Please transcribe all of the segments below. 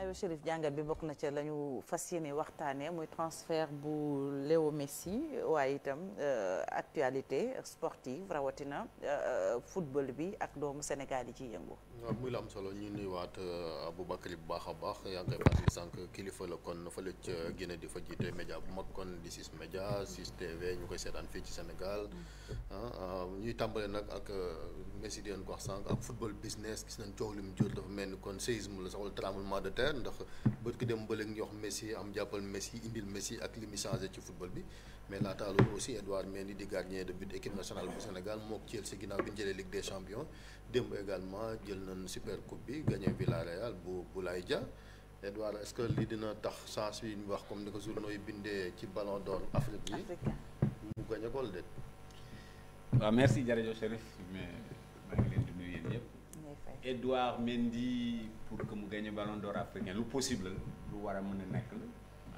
aywa Chérif jàngat bi bokk na ca la ñu fas yéene waxtaanee muy transfert bu Léo Messi waaye itam euh, actualité sportive rawatina euh, football bi ak doomu Sénégal yi ci yëngu. waaw muy la am solo ñu nuyuwaat euh, Aboubacry bu baax a baax yaa ngi koy fàttali sànq kilifa la kon fële ca Guinée di fa média bu mag kon di 6 média 6 TV ñu koy seetaan fii ci Sénégal mm. ah, ah, ñuy tàmbale nag ak Messi di leen ko wax sànq ak football business gis nañ coow li mu jur dafa mel ni contraire ndax bët ki dem bële ñu wax Messi am jàppal Messi indil Messi ak li mu ci football bi mais laata loolu aussi Edouard Mendy di gardien de but équipe nationale bu Sénégal mook Chelsea ginnaaw bi ñu jëlee Ligue des démb également jël nañ super coupe bi gagné Villarreal bu Boulaye Dia Edouard est-ce li dina tax chance yi wax comme ni ko journaux yi bindee ci Ballon d'or Afrique bi mu gagné gol de. Edouard Mendy pour que mu gagne ballon d'or africain lu possible lu war a mën a nekk la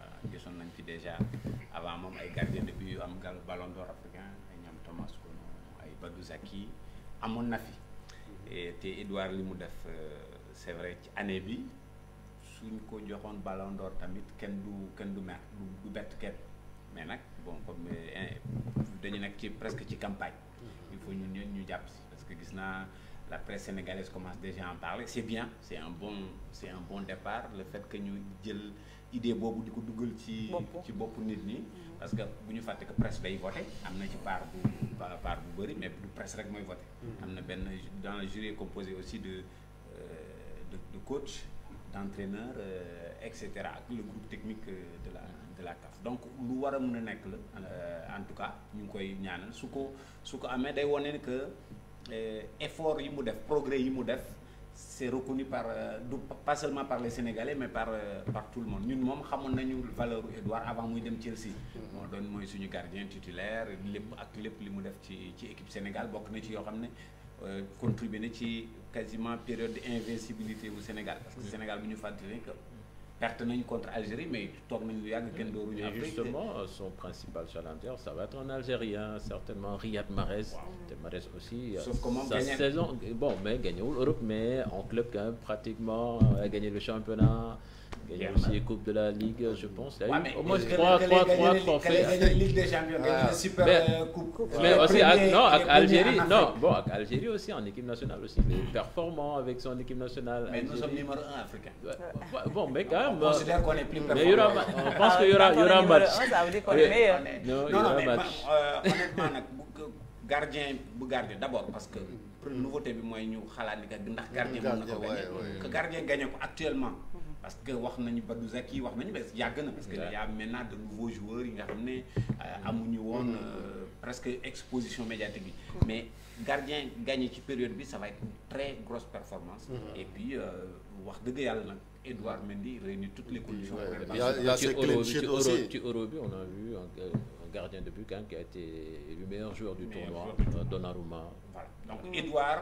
ah, gisoon nañ fi déjà avant moom ay gardien de but yu am gal ballon d'or africain ay ñoom Thomas Kono ay Badou Zaki amoon na fi mm-hmm. te Edouard li mu def euh, c'est vrai ci année bi suñ ko joxoon ballon tamit kenn du kenn du mer du bett kenn mais nag bon comme euh, dañu nekk ci presque ci campagne mm-hmm. il faut ñun ñëpp ñu jàpp si parce que gis naa la presse sénégalaise commence déjà à en parler c'est bien c'est un bon mm. c'est un bon départ le fait que ñu jël idée boobu di ko duggal ci ci bopp nit ñi mm. parce que bu ñu fàtte que presse day voté am na ci part bu part bu bari mais du presse rek mooy voté mm. am na benn dans le jury composé aussi de euh, de de coach d'entraîneur euh, et cetera ak le groupe technique euh, de la de la donc lu war a mën a nekk la en tout cas ñu ngi koy ñaanal su ko su ko amee day wane que Euh, effort yi mu def progrès yi mu def c'est reconnu par euh, du pas seulement par les Sénégalais mais par euh, par tout le monde ñun moom xamoon nañu valeur Edouard avant muy dem Chelsea. moo doon mooy suñu gardien titulaire lépp ak lépp li mu def ci ci équipe Sénégal bokk na ci yoo xam ne contribue na ci quasiment période d'invincibilité bu Sénégal parce que Sénégal bu ñu fàttali que perte nañu contre Algérie mais toog nañu yàgg kenn dooruñu. Afrique justement son principal challenger ça va être un Algérien certainement Riyad Mahrez. te Mahrez aussi. Euh, sauf que moom sa saison bon mais gagné wul Europe mais en club quand même pratiquement euh, a gagné le championnat. gagné aussi les Coupes de la Ligue, je pense. Il y a eu au moins 3, 3, 3 Ligue des Champions, ah. euh, euh, Mais aussi, non, avec Algérie, non, bon, Algérie aussi, en équipe nationale aussi. Performant avec son équipe nationale. Mais nous sommes numéro 1 africain. mais quand pense qu'il y aura ah, match. Ça veut dire euh, gardien bu gardien d'abord parce que mm. nouveauté bi mooy ñu xalaat ni que ndax gardien mën na que gardien gagné ko actuellement parce que wax nañu Badou Zaki wax nañu mais yàgg na parce que y a maintenant de nouveaux joueurs yi nga xam ne euh, amuñu woon mm-hmm. euh, presque exposition médiatique bi mm-hmm. mais gardien gagné ci période bi ça va être une très grosse performance mm-hmm. et puis euh, wax dëgg yàlla nag Edouard Mendy réunit toutes les conditions pour ci euro bi on a vu gardien de but hein, qui a été le meilleur joueur du meilleur tournoi joueur. Euh, Donnarumma. Voilà. donc Edouard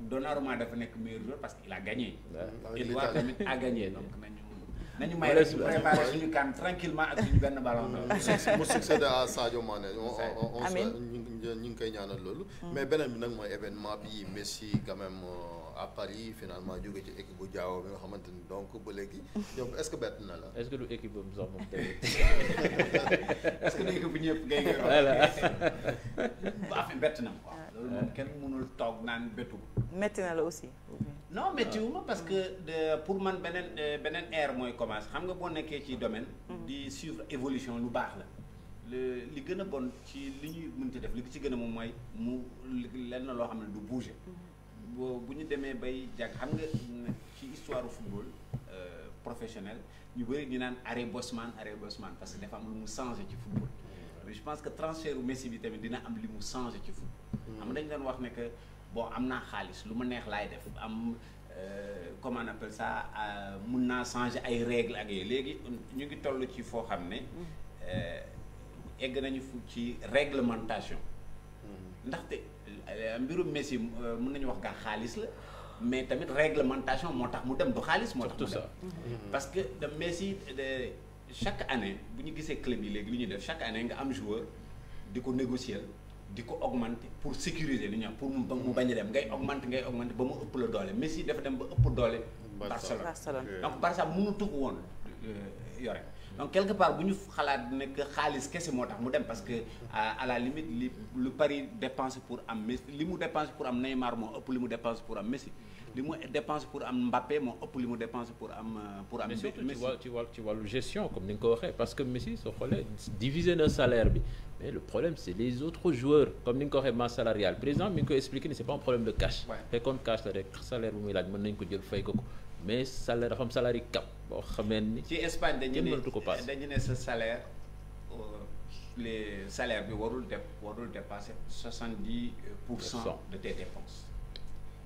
Donnarumma dafa nekk meilleur joueur parce qu'il a gagné. waaw tamit a gagné donc nañu. nañu may rek préparé suñu kan tranquillement ak suñu benn ballon. mu succédé à Sadio Mané. amiin ñu ngi koy ñaanal loolu. Mm. mais beneen bi nag mooy événement bi Messi quand même. Euh, à Paris finalement jóge ci équipe bu Diao bi nga xamante ni donc ba léegi. yow est bett na la. est-ce que du équipe boobu sax moom tamit. est que du équipe bu ñëpp ngay ngay wax. voilà. waa bett na ma quoi. loolu moom kenn mënul toog naan bettu. métti na la aussi. non méttiwuma parce que pour man beneen beneen ère mooy commencé xam nga boo nekkee ci domaine. Mm-hmm. di suivre évolution lu baax la. li gën a bon ci li ñuy mënti def li ci gën a moom mooy mu lenn loo xam ne du bouger. Mm-hmm. boo bu ñu demee bay jàgg xam nga ci histoire football euh, professionnel ñu bëri di naan arrêt Bosman arrêt Bosman parce que dafa am lu mu changé ci football. je pense que transfert u Messi bi tamit dina am li mu changé ci football. am dañ doon wax ne que bon am naa xaalis lu ma neex laay def am euh, comment on appelle ça euh, mun naa changer ay règles ak yooyu léegi ñu ngi toll ci foo xam ne egg nañu fu ci réglementation mm-hmm. ndaxte. Euh, mbiru Messi euh, mën nañu wax gaa xaalis la mais tamit réglementation moo tax mu dem du xaalis moo tax mu dem mhm. Mhm. parce que de Messi de chaque année bu ñu gisee club yi léegi lu ñuy def chaque année nga am joueur di ko négocier di ko augmenter pour sécuriser li ñu wax pour mu bañ a dem ngay augmenter ngay augmenter ba mu ëpp la doole Messi dafa dem ba ëpp doole Barcelone donc Barça mënutu ko woon euh, yore donc quelque part bu ñu xalaat ne que xaalis kese moo tax mu dem parce que euh, à la limite lu Paris dépensé pour am Messi li mu dépensé pour am Neymar moo ëpp li mu dépensé pour am Messi li mu dépensé pour am Mbappé moo ëpp li mu dépensé pour am euh, pour ci wàllu ci wàllu gestion comme ni nga ko parce que Messi soo xoolee divisé na salaire bi mais le problème c'est les autres joueurs comme ni nga ko waxee masse salariale mi ngi koy expliqué ni c'est pas ko mais salaire dafa am salarié cap boo xamee ni. ci Espagne dañu ne dañu ne sa salaire euh, le salaire bi warul def warul dépasser soixante dix pour cent de tes dépenses.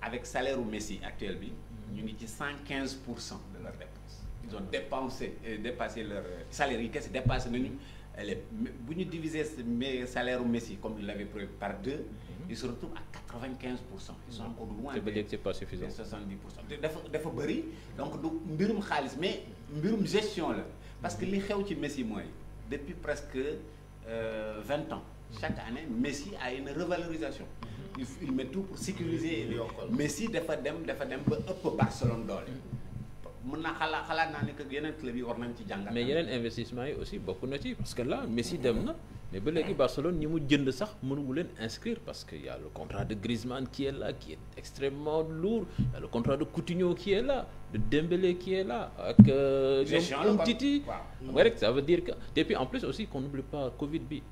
avec salaire u Messi actuelle bi. Mm-hmm. ñu ngi ci cent quinze pour cent de leurs dépenses. ils ont dépensé euh, dépassé leur euh, salaire yi kese dépassé nañu. elle est bu ñu diviser salaire u Messi comme il la prévu par deux. Mhm. ils se retrouvent à quatre vingt quinze pour cent. ils sont mhm. encore loin des c'est pas suffisant soixante pour cent dafa dafa bëri donc du mbirum xaalis mais mbirum gestion la parce que li xew ci Messi mooy depuis presque euh, vingt ans. Mhm. chaque année Messi a une revalorisation. il met tout pour sécuriser. Messi dafa dem dafa dem ba ëpp Barcelone doole. mun na xalaat xalaat naa ne que yeneen club yi war nañ ci jàngat. mais yeneen investissement yi aussi bokk na ci parce que là Messi dem na mais ba léegi Barcelone ñi mu jënd sax mënumu leen inscrire parce que y a contrat de Griezmann qui est là qui est extrêmement lourd y a le contrat de Coutinho qui est là de Dembélé qui est là ak euh, ñoom Umtiti waaw rek ça veut dire que et puis en plus aussi qu'on n'oublie pas Covid bi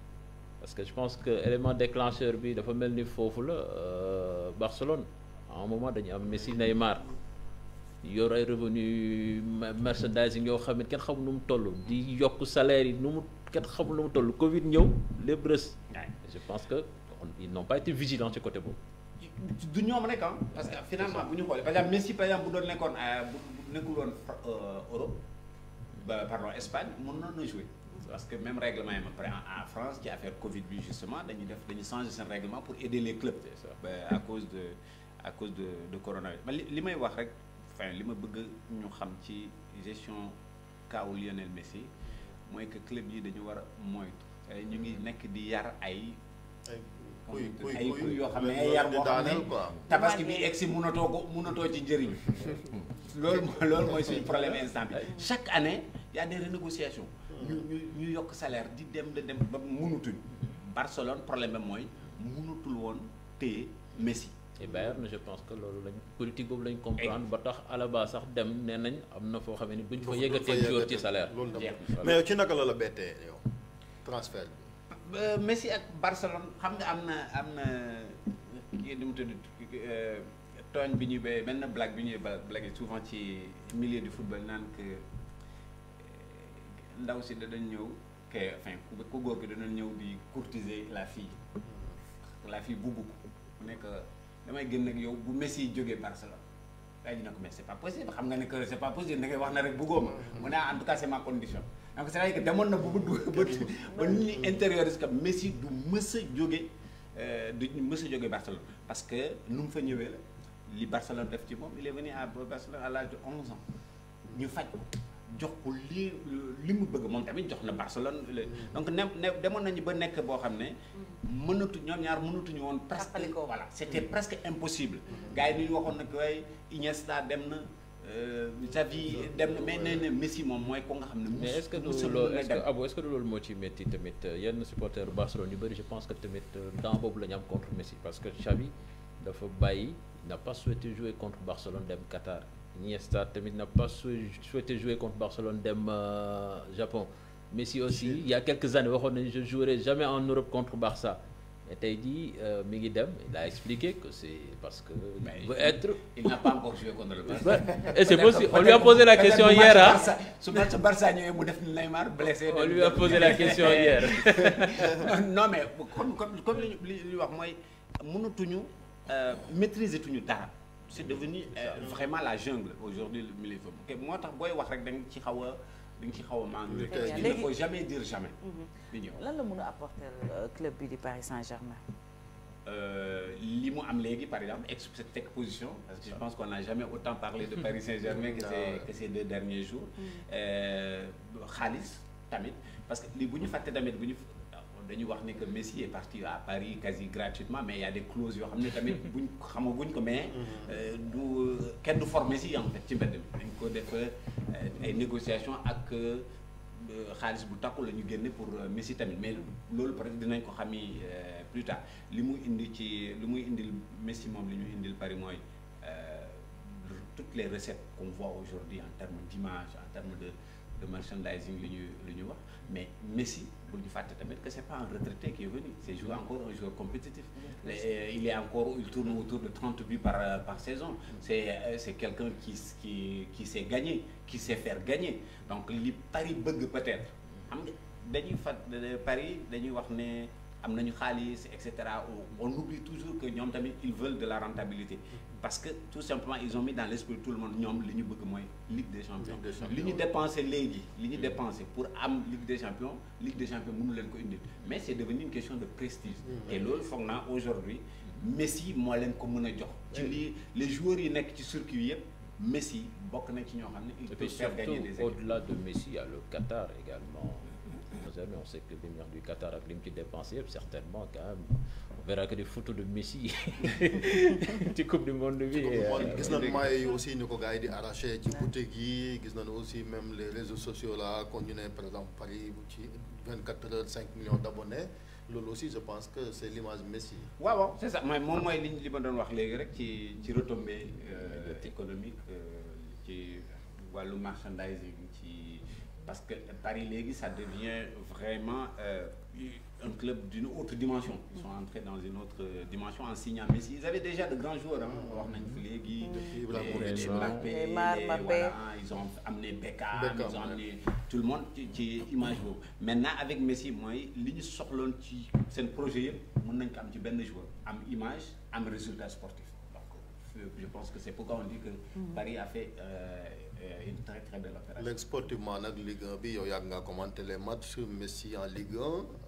parce que je pense que élément déclencheur bi dafa mel ni foofu la euh, Barcelone à un moment dañu am Messi Neymar yor ay revenu merchandising yoo xam ne kenn xamul nu mu toll di yokk salaire yi nu mu kenn xamul nu toll Covid ñëw lépp rës je pense que ils n'ont pas été vigilants ci côté boobu. du ñoom rek am ah, parce que finalement bu ñu xoolee par exemple Messi par exemple bu doon nekkoon euh, bu nekkul woon euh, Europe ba pardon Espagne mun na jouer. parce que même règlement yi ma pare en France ci affaire Covid justement dañuy def dañuy changer seen règlement pour aider les clubs. à cause de à cause de li may wax rek. enfin li ma bëgg ñu xam ci gestion kaawu Lionel Messi mooy que club yi dañu war a moytu euh, ñu ngi nekk di yar ay. yoo xam ne ay yar boo xam ne tabaski bi egg si munatoo ko munatoo ci njëriñ. loolu mooy loolu mooy suñu problème instant bi chaque année y a des renégociations. ñu ñu ñu yokk salaire di dem di dem ba mu munutuñ. Barcelone problème bi mooy munutul woon téye Messi. et d'ailleurs je pense que loolu lañ politique boobu lañ comprendre ba tax à la sax dem nee nañ am na foo xam ne buñ fa yëgatee joor ci salaire mais yow ci naka la la bettee yow transfert bi Messi ak Barcelone xam nga am na am na kii nu mu euh, bi ñuy béyee benn blague bi ñuy blague souvent ci milieu du football naan que euh, ndaw si da dañ ñëw que enfin ku góor gi danañ ñëw di courtiser la fille la fille buubu ku nekk damay génn yow bu Messi jógee Barcelone gars yi na ko mais c'est pas possible xam nga ne que c'est pas possible da ngay wax na rek bëggoo ma mm-hmm. mu ne ah, en tout ma condition donc c'est-à-dire demoon na bu ba ba nit ñi intériorise que Messi du mës a jóge euh, du mës a jóge Barcelone parce que nu mu fa ñëwee la li Barcelone def ci moom il est venu à Barcelone à l'âge de onze ans ñu faj ko jox ko lii li mu bëgg moom tamit jox na Barcelone. donc ne ne demoon nañu ba nekk boo xam ne. mënatu ñoom ñaar mënatuñu woon. presque voilà c' était presque impossible. gars yi ni ñu waxoon nag waaye Iniesta daa dem na. Euh, Xavi dem na mais nee na Messi moom mooy ko nga xam ne. mais est ce que du loolu est ce que Abo est ce que du tamit yenn supporters Barcelone yu bëri je pense que tamit euh, temps boobu la ñu am contre Messi parce que Xavi dafa bàyyi n'a pas souhaité jouer contre Barcelone dem Qatar. Iniesta tamit n'a pas souhaité jouer contre Barcelone dem euh, Japon Messi aussi il y a quelques années waxoon nañu je jouerai jamais en Europe contre Barça mais tey jii euh, mi ngi dem il a expliqué que c'est parce que. il veut être il n'a pas encore joué contre le Barça. et c'est possible on lui a posé la question hier ah. su match Barça mu def Neymar blessé. on lui a posé la question hier. non mais comme comme li ñu wax mooy mënatuñu euh, maîtriser tuñu dara. c'est devenu euh, vraiment la jungle aujourd'hui moo tax booy wax rek da nga ci xaw a i a manqué il ne faut jamais dire jamais mhm. la mën a apporter euh, club bi di Paris Saint-Germain euh, li mu am léegi par exemple ex cette exposition parce que je pense qu'on n'a jamais autant parlé de Paris Saint-Germain que ces ah que ces deux derniers mhm. euh, xaalis euh, tamit parce que li bu ñu fàtte tamit bu dañu wax ni que Messi est parti à Paris quasi gratuitement mais il y a des clauses yoo xam ne tamit buñ xamaguñ ko mais. Mhm. Euh, du kenn du former si en fait ci mbedd mi dañ ko def euh, ay négociations ak euh, xaalis bu takkul la ñu génne pour Messi tamit mais loolu peut-être dinañ ko xam xami plus tard li mu indi ci li muy indil Messi moom li ñu indil Paris mooy toutes les recettes qu'on voit aujourd'hui en termes d'image en termes de. de merchandising lu ñu lu ñu wax mais Messi bu ñu fàtte tamit que c'est pas un retraité qui est venu c'est jouer encore un joueur compétitif euh, il est encore il tourne autour de 30 buts par euh, par saison c'est euh, c'est quelqu'un qui qui qui sait gagner qui sait faire gagner donc li Paris bëgg peut-être xam nga dañuy fat Paris dañuy wax ne am nañu xaalis et cetera on oublie toujours que ñoom tamit ils veulent de la rentabilité parce que tout simplement ils ont mis dans l'esprit tout le monde ñoom li ñu bëgg mooy Ligue des champions li ñu dépensé léegi li ñu mm. dépensé pour am Ligue des champions Ligue des champions mënu leen ko indil mais c'est devenu une question de prestige mm, te loolu foog naa aujourd'hui Messi moo leen ko mën a jox ci lii les joueurs yi nekk ci circuit yëpp Messi bokk na ci ñoo xam ne il peut faire gagner de Messi il le Qatar également on sait que lumière du Qatar on verra que des photos de Messi ci coupe du monde bi. gis na maillot yi aussi ni ko gars yi di arraché ci boutique yi gis nañu aussi même les réseau sociaux la kon ñu ne par exemple Paris ci vingt quatre heures cinq millions d' abonnés loolu aussi je pense que c' est l' Messi. waaw waaw c' est ça mooy moom mooy li ma doon wax léegi rek ci ci retombée euh, économique euh, ci wàllu marchandising ci parce que Paris léegi ça devient vraiment. Euh, un club d'une autre dimension. Ils sont entrés dans une autre euh, dimension en signant Messi. Ils avaient déjà de grands joueurs. Hein. Mhm. Les Mbappé, voilà, ils ont amené Beckham, ils ont amené tout le monde qui, qui image boobu. Maintenant avec Messi mooy li ñu soxloon ci n projet yëpp mën nañ ko am ci benn joueur am image am résultat sportif donc euh, je pense que c'est pourquoi on dit que mhm. Paris a fait euh, euh, une très très belle opération. léegi sportivement nag Ligue 1 bi yow yàgg nga commenter les matchs Messi en Ligue 1.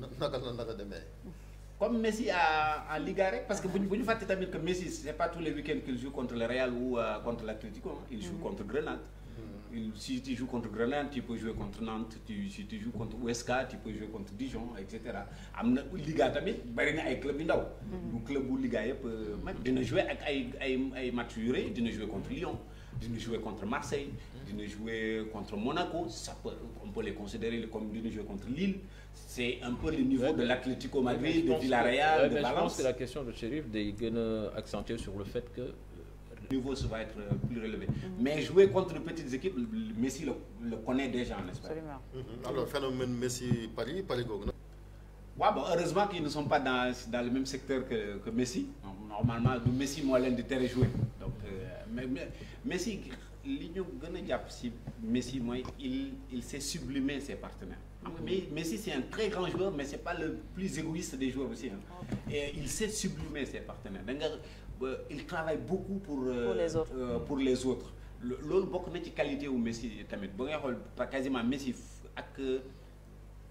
naka la naka demee. comme Messi à à Liga rek parce que bu ñu bu ñu fàtte tamit que Messi c' pas tous les week qu'il joue contre le Real ou euh, contre l' Atlético il joue mm. contre Grenade. Mm. Il, si tu joues contre Grenade tu peux jouer contre Nantes tu si contre USK tu peux jouer contre Dijon et am na Liga tamit bari na ay club yu ndaw. Mm. du club bu Liga yëpp euh, mag dina jouer ak ay ay ay match yu rëy dina jouer contre Lyon. dina jouer contre Marseille. dina jouer contre Monaco ça peut on peut comme dina jouer c'est un peu le niveau de l'Atlético Madrid de Villarreal de Valence je que la question de Chérif day gën a accentuer sur le fait que euh, le niveau euh, plus relevé mm-hmm. mais jouer contre de petites équipes Messi le, le connaît déjà en Espagne mm-hmm. Paris Paris googu heureusement qu'ils ne sont pas dans le même secteur que que Messi normalement du Messi moo leen di tere donc euh, mais Messi li gën a jàpp si Messi mooy il il s'est sublimé ses partenaires Ah mais Messi, c'est un très grand joueur, mais ce n'est pas le plus égoïste des joueurs aussi. Hein. Et il sait sublimer ses partenaires. Euh, il beaucoup pour, euh, pour les autres. Euh, pour les loolu bokk na ci qualité wu Messi tamit ba ngay xool quasiment Messi ak euh,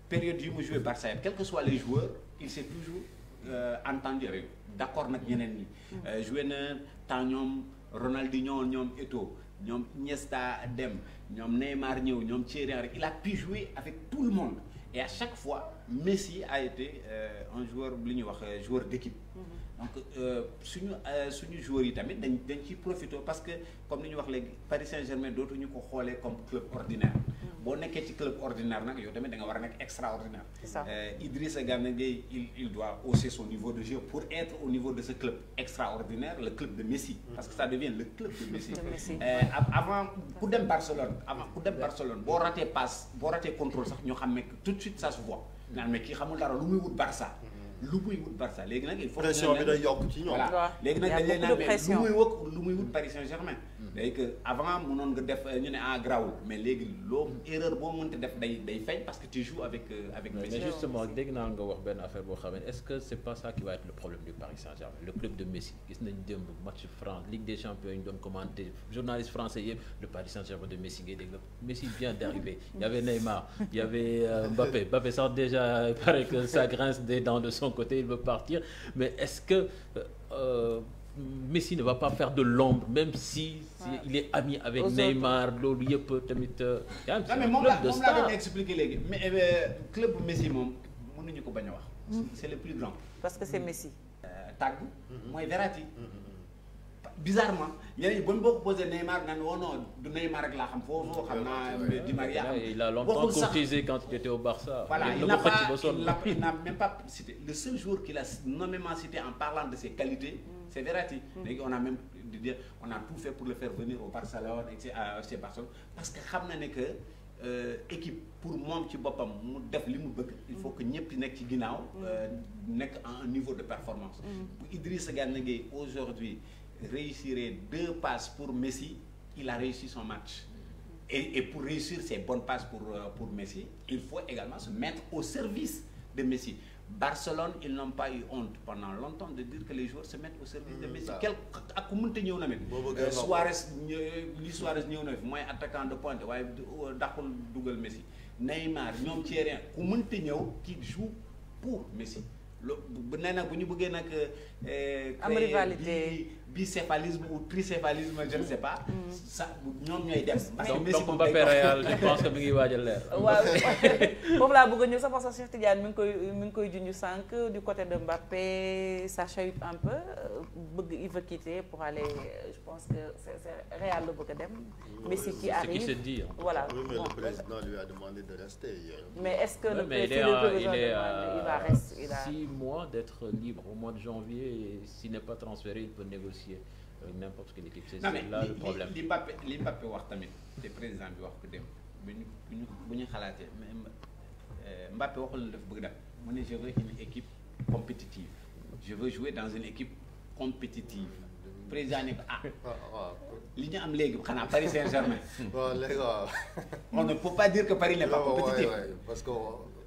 période yu mu joué Barça quel que soit les joueurs il s'est toujours euh, entendu avec d'accord nag ñeneen ñi. Mm. Euh, joué na temps ñoom Ronaldinho ñoom Eto'o. ñoom Iniesta dem ñoom Neymar ñëw ñoom Thierry rek il a pu jouer avec tout le monde et à chaque fois Messi a été euh, un joueur li ñu wax euh, joueur d'équipe mm-hmm. donc euh, suñu suñu joueurs yi tamit dañ dañ ciy profité parce que comme li ñu wax léegi Paris Saint-Germain dootuñu ko xoolee comme club ordinaire boo nekkee ci club ordinaire nag yoo tamit da nga war a nekk extraordinaire. Euh, Idrissa Gana Gueye il il doit hausser son niveau de jeu pour être au niveau de ce club extraordinaire le club de Messi. Mm. parce que ça devient le club de Messi. Euh, avant ku dem Barcelone mm. avant ku dem Barcelone boo ratee passe boo ratee contrôle sax ñu xam ne tout de suite ça se voit. Mm. naan mais kii xamul dara lu muy wut Barça. lu muy wut Barça léegi nag il faut pression bi day yokk ci ñoom voilà mais lu muy wut Paris Saint-Germain day mm. que avant mënoon nga def ñu ne ah mais léegi loo euh, mais justement dégg naa nga wax benn affaire boo xam ne est-ce que c'est le problème du Paris le club de match France Ligue des Champions le Paris de Messi ngay dégg la vient d'arriver il avait Neymar il avait euh, Mbappé Mbappé sax déjà paraît que ça grince des dents son côté, il veut partir. Mais est-ce que euh, euh, Messi ne va pas faire de l'ombre, même si, si ouais. il est ami avec Au Neymar, loolu yëpp tamit. yaa euh, mais moom laa moom laa doon expliquer léegi mais euh, club Messi moom mënuñu ko bañ a wax. Mm. c'est le plus grand. parce que c'est mm. Messi. tàgg mm-hmm. mooy Verratti. Mm-hmm. bizarrement ñeneen ñi bu ñu boo ko posé Neymar naan non oh non du Neymar rek laa xam foofu xam naa Di Maria. il a longtemps courtisé quand il était au Barça. voilà il n'a pas il n'a même pas cité le seul joueur qu'il a nommément cité en parlant de ses qualités. Mm. c'est Verratti. Mm. léegi on a même di dire on a tout fait pour le faire venir au Barcelone et euh, chez Barcelone parce que xam na ne que euh, équipe pour moom ci boppam mu def li mu bëgg. il faut que ñëpp nekk ci ginnaaw. Mm. Euh, nekk à un niveau de performance. bu Idrissa Gana Gueye aujourd'hui réussirait deux passes pour Messi, il a réussi son match. Et, et pour réussir ces bonnes passes pour, euh, pour Messi, il faut également se mettre au service de Messi. Barcelone, ils n'ont pas eu honte pendant longtemps de dire que les joueurs se mettent au service de hmm, Messi. Quel ak ku mënta ñëw na mel. Euh, Suarez li Suarez ñëw na fi mooy attaquant de pointe waaye euh, dàqul dugal Messi. Neymar ñoom Thierry ku mënta ñëw qui joue pour Messi. loo bu nee nag bu ñu bëggee nag. am bicéphalisme ou tricéphalisme je ne sais pas. sax mm-hmm. ñoom ñooy dem. parce que Messi moom day je pense que mi ngi waaj a leer. waaw foofu laa bëgg a ñëw sax parce que Cheikh Tidiane mi ngi koy mi ngi koy junj sànq du côté de Mbappé ça chahute un peu euh, bëgg il veut quitter pour aller je pense que c'est c'est Real la bëgg a dem. Messi qui arrive se dit. voilà oui mais le président lui a demandé de rester hier. mais est-ce que le a six mois d'être libre au mois de janvier s'il n'est pas transféré il peut négocier. négocier euh, avec n'importe quelle équipe. c'est là le problème li Mbappé li Mbappé wax tamit te président bi wax ko dem bu ñu bu ñu bu ñu xalaatee euh, Mbappé waxul la daf bëgg dal mu ne je veux une équipe compétitive je veux jouer dans une équipe compétitive président ne ko ah. ah, ah li ñu am léegi xanaa Paris Saint-Germain. bon ne peut pas dire que Paris n'est pas compétitif. parce que.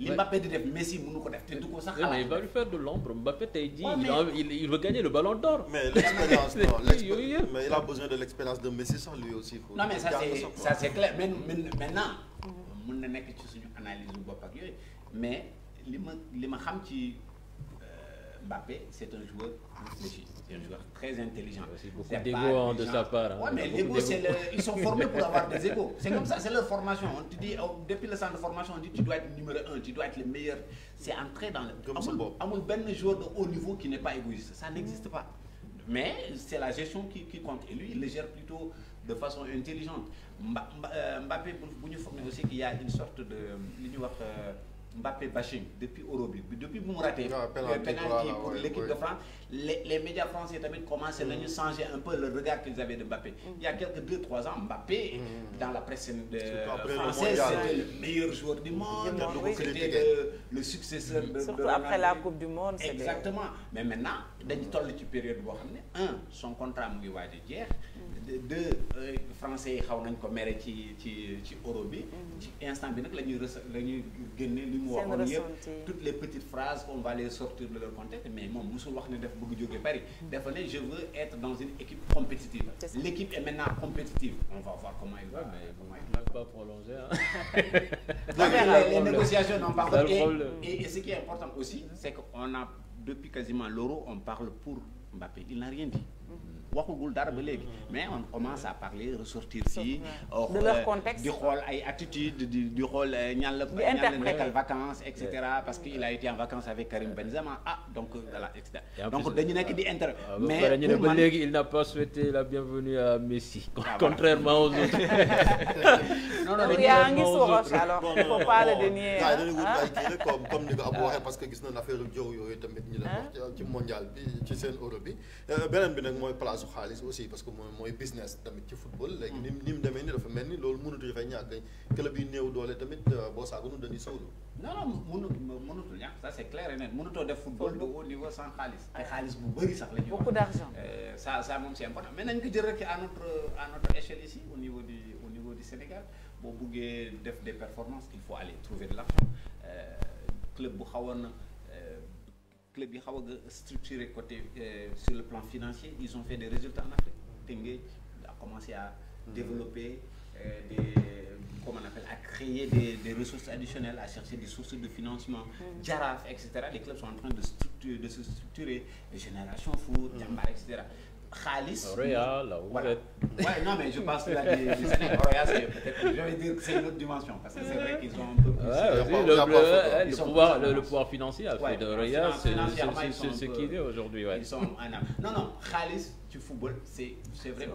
li Mbappé di def Messi mënu ko def te du ko sax xalaat mais il va lui faire de l'ombre Mbappé tey jii il il veut gagner le ballon d'or mais l'expérience mais il a besoin de l'expérience de Messi sax lui aussi non mais ça c'est ça c'est clair mais maintenant mën na nekk ci suñu analyse bu bopp ak yooyu mais li ma li ma xam ci Mbappé, c'est un joueur réfléchi, c'est un joueur très intelligent. C'est beaucoup d'ego de sa part. mais l'ego, c'est le... formation. On te dit, oh, depuis le centre de formation, on dit tu dois être numéro un, tu dois être le meilleur. C'est entré dans le. Amul, amul ben joueur de haut niveau qui n'est pas égoïste. Ça n'existe pas. Mais c'est la gestion qui, compte. Et lui, le gère plutôt de façon intelligente. Euh, Mbappé, vous nous aussi qu'il y a une sorte de. Euh, Mbappé bashing depuis Euro depuis bu mu raté. pour l'équipe de France les médias français tamit commencé nañu mm. changer un peu le regard qu'ils avaient de Mbappé. Mm. il y a quelques deux trois ans Mbappé. Mm. dans la presse française c'était le après la coupe du monde. exactement mais maintenant dañu toll ci période boo xam ne un son contrat mu ngi waaj a deux euh, français yi xaw nañ ko mere ci ci ci Europe bi. Mhm. ci instant bi nag la ñuy rece la ñuy génne li mu waxoon yëpp toutes les petites phrases on va les sortir de leur contexte mais moom musul wax ne daf bëgg jóge Paris. Mhm. dafa ne je veux être dans une équipe compétitive. l'équipe est maintenant compétitive. on va voir comment il va mais ah, comment il va prolonger les négociations n'ont pas et ce qui est important aussi mhm. c'est que on a depuis quasiment l'euro on parle pour Mbappé il n'a rien waxugul dara ba léegi mais on commence à parler ressortir si euh, de leur euh, contexte di xool ay attitude di di xool euh, ñan la ñan la nekkal vacances et cetera parce que il a été en vacances avec Karim Benzema ah donc voilà donc dañu nekk di inter ah, mais ñu ne ba léegi il n'a pas souhaité la bienvenue à Messi ah, contrairement aux autres non non yaa ngi soros alors faut pas le dénier comme comme ni ko Abou waxee parce que gis na affaire jow yooyu tamit ñu leen wax su xaalis aussi parce que mooy mooy business tamit ci football. léegi ni ni demee nii dafa mel ni loolu mënatuñu fay ñàkk club yi néew doole tamit euh, boo saaganu dañuy sóolu. non non mënut mënutul ñàkk ça c' est clair et net mënutoo def football de haut niveau sans xaalis. xaalis bu bëri sax la ñuy wax beaucoup d' argent. Euh, ça ça moom c' important mais nañ ko jël rek à notre à notre échelle ici au niveau du au niveau du Sénégal boo buggee def des performance il faut aller trouver euh, bu xawoon. club yi xaw a structuré côté euh, sur le plan financier ils ont fait des résultats en Afrique Teungueth a commencé à mm-hmm. développer euh, des comment on appelle à créer des des ressources additionnelles à chercher des sources de financement mm-hmm. Jaraaf etc les clubs sont en train de structurer de se structurer Génération mm-hmm. etc xaalis. a la voilà ouais, non mais je pense la dire c'est une dimension parce que c'est vrai qu'ils ont un pouvoir financier. Ouais, de L'Oréal c'est ce qu'il est aujourd'hui ouais. Ils sont en am non non xaalis ci football c'est c'est vrai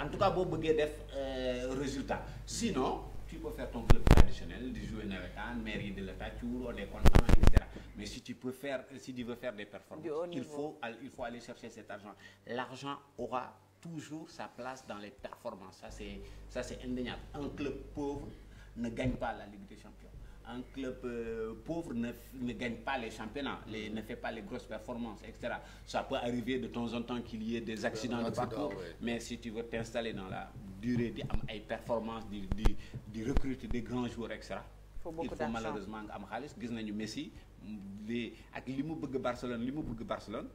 en tout cas boo bëggee def euh, résultat sinon tu peux faire ton club traditionnel di jouer nawetaan maire yi la tàccu wala des contrats Mais si tu peux faire, si tu veux faire des performances, il faut, il faut aller chercher cet argent. L'argent aura toujours sa place dans les performances. Ça, c'est, ça, c'est indéniable. Un club pauvre ne gagne pas la Ligue des Champions. Un club euh, pauvre ne, ne, gagne pas les championnats, les, ne fait pas les grosses performances, etc. Ça peut arriver de temps en temps qu'il y ait des accidents de parcours, ouais. mais si tu veux t'installer dans la durée des performances, du, du, du recruter des grands joueurs, etc., faut beaucoup il faut malheureusement am xaalis gis nañu Messi li mu bëgg Barcelone li mu bëgg Barcelone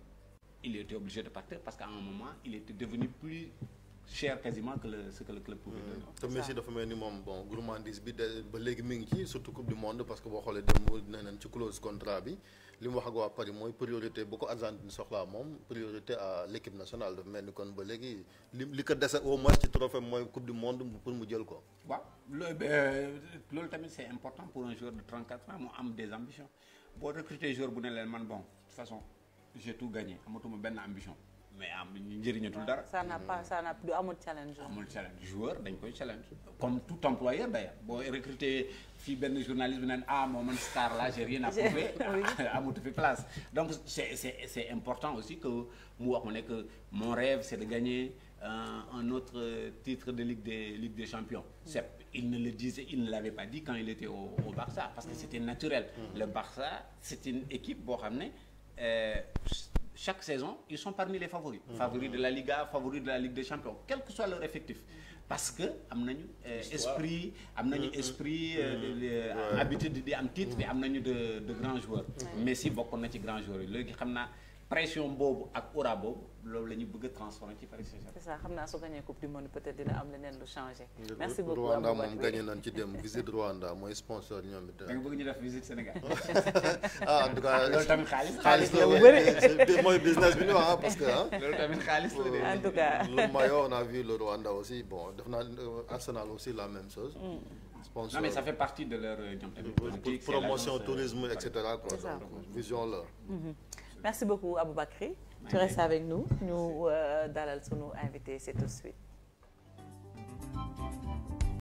il était obligé de partir parce qu'à un moment il était devenu plus cher quasiment que le ce que le club pouvait hmm. donner. te Messi dafa mel ni moom bon gourmandise bi de ba léegi mi ci surtout coupe du monde parce que boo xoolee dem dina nañ ci close contrat bi. li mu wax ak waa Paris mooy priorité bu ko Argentine soxlaa moom priorité à l' équipe nationale dafa mel ni kon ba léegi li li ko dese au moins ci trophée mooy coupe du monde pour mu jël ko. waaw loolu euh, tamit c' est important pour un joueur de 34 ans mu am des ambitions boo recruter joueur bu ne leen man bon de toute façon j'ai tout gagné amatuma benn ambition. mais am njëriñatul dara. ça n'a pas ça n'a du amul challenge. amul challenge joueur dañ koy challenge comme tout employeur d'ailleurs boo recruter fii benn journaliste bi naan ah moo man star la j'ai rien à a amatu fi place donc c'est c'est c'est important aussi que mu wax mu ne que mon rêve c'est de gagner euh, un autre titre de Ligue des Ligue des Champions c'est il ne le disait il ne l'avait pas dit quand il était au, Barça parce que c'était naturel mm. le Barça c'est une équipe boo xam ne euh, chaque saison, ils sont parmi les favoris. Mmh. Favoris de la Liga, favoris de la Ligue des Champions, quel que soit leur effectif. Parce que am nañu euh, esprit, am nañu mmh, mmh. esprit euh, habitude di am titre, am nañu de de grands joueurs. Messi bokkoon na ci grands joueurs yi léegi xam naa. pression boobu ak aura boobu loolu la ñu bëgg a transformer ci Paris Saint-Germain. c'est ça xam naa su gagné coupe du monde peut-être dina am leneen lu changé. merci beaucoup Rwanda moom gagné nañ ci dem visite Rwanda mooy sponsor ñoom it. da nga bëgg ñu def visite Sénégal. ah en que ah. loolu tamit xaalis a vu le Rwanda aussi bon def naa euh, Arsenal la même chose. Mm. sponsor non mais ça fait partie de leur ñoom euh, tamit. merci beaucoup Aboubacry tu restes avec nous ñu euh, dalal sunu invité c'est tout de suite